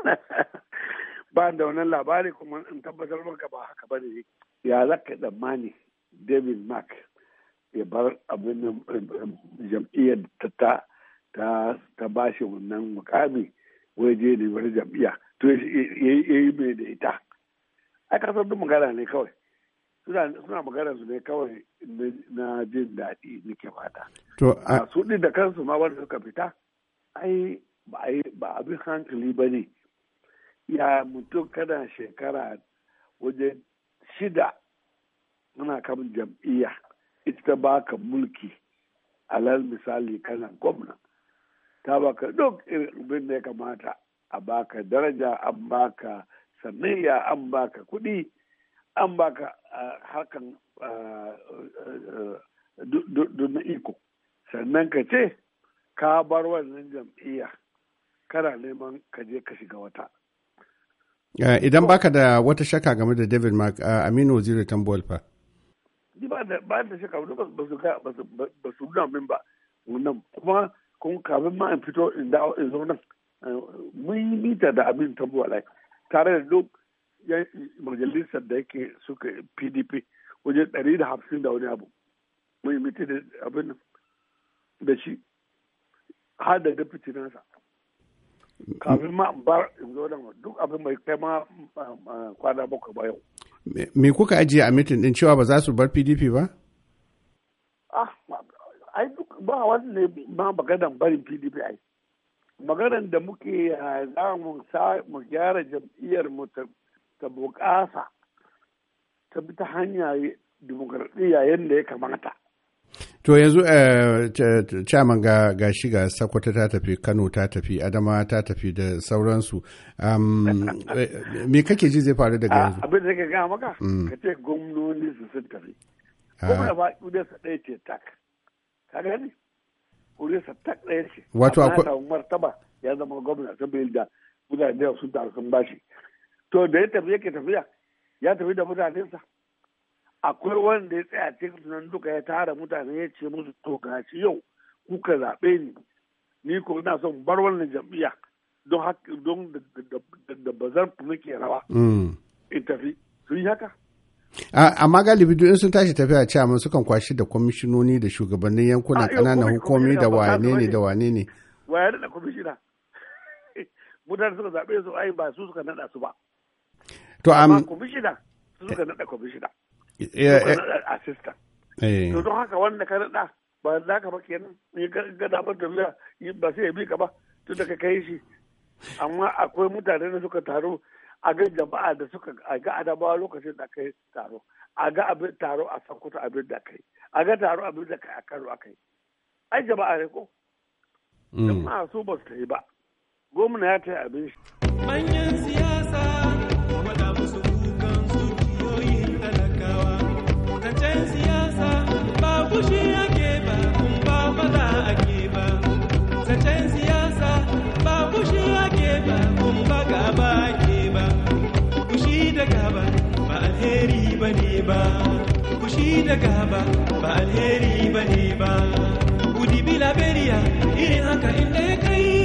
ba da wannan labari kuma in tabbatar maka ba haka ba ne ya zaka tsammani david mark ya bar abin jam'iyyar ta ta ba shi wannan mukami waje ne wani jam'iyya to ya yi mai da ita a kasar duk magana ne kawai suna magana su ne kawai na jin daɗi nake fata to a su da kansu ma wanda suka fita ai ba abin hankali ba ne ya mutum kana shekara waje shida muna kan jam'iyya ita ta baka mulki alal misali kana gwamna ta baka duk irin da ya kamata a baka daraja an baka sanayya an baka kudi an baka hakan na iko sannan ka ce ka bar wannan jam'iyya kana neman ka je ka shiga wata Eh, idan baka da wata shaka game da David Mark eh, Aminu Waziri Tambol fa. Ni ba da ba da shaka ba ba ba su nuna min ba wannan kuma kun kafin ma fito in dawo in zo nan eh, mun yi mita da Aminu lai tare da duk majalisar da yake suka PDP wajen ɗari da hamsin da wani abu mun yi mita da abin da shi har da deputy nasa kafin ma bar in zo nan duk abin mai kai ma kwana bakwai ba yau me kuka ajiye a mitin din cewa ba za su bar PDP ba ah ai duk ba wani ne ma maganan barin PDP ai maganan da muke ah, za mu sa mu gyara jam'iyyar mu ta bukasa ta bi ta hanya dimokuraɗiyya yadda ya kamata To yanzu eh, caman ga gashi ga Sokoto ta tafi Kano ta tafi Adama ta tafi da sauransu. Um, me kake ji zai faru daga yanzu? Abin da ka gaya maka? Mm. Ka ce gwamnoni su sun tafi. Ah. Gwamna ba ƙudursa ɗaya ce tak. Ka gani? Ƙudursa tak ɗaya ce. Wato akwai. Amma martaba ya zama gwamna da mutane da sun taru sun bashi. To da ya tafi yake tafiya ya tafi da mutanensa. akwai wanda ya tsaya cikin nan duka ya tara mutane ya ce musu to gashi yau kuka zaɓe ni ni ko ina son bar wannan jam'iyya don don da bazar nake rawa mm. in tafi sun yi haka amma galibi duk in sun tashi tafiya cewa sukan kwashi da kwamishinoni da shugabannin yankuna ƙananan hukumi da wane ne da wane ne wayar da kwamishina mutane suka zaɓe su ai ba su suka naɗa su ba to amma kwamishina su suka naɗa kwamishina Eh, eh. ka naɗa eh. assistant to don haka wanda ka naɗa ba za ka ba kenan ya ga damar tafiya ba sai ya bi ka ba tun da ka kai shi amma akwai mutane da suka taro a ga jama'a da suka a ga adabawa lokacin da kai taro a ga abin taro a sankuta abin da kai a ga taro abin da kai a karo a kai ai jama'a ne ko mm. jama'a su ba su ta yi ba gwamna ya ta yi abin shi kushida gaba ba alheri bane ba gudi bila beriya irin haka inda ya kai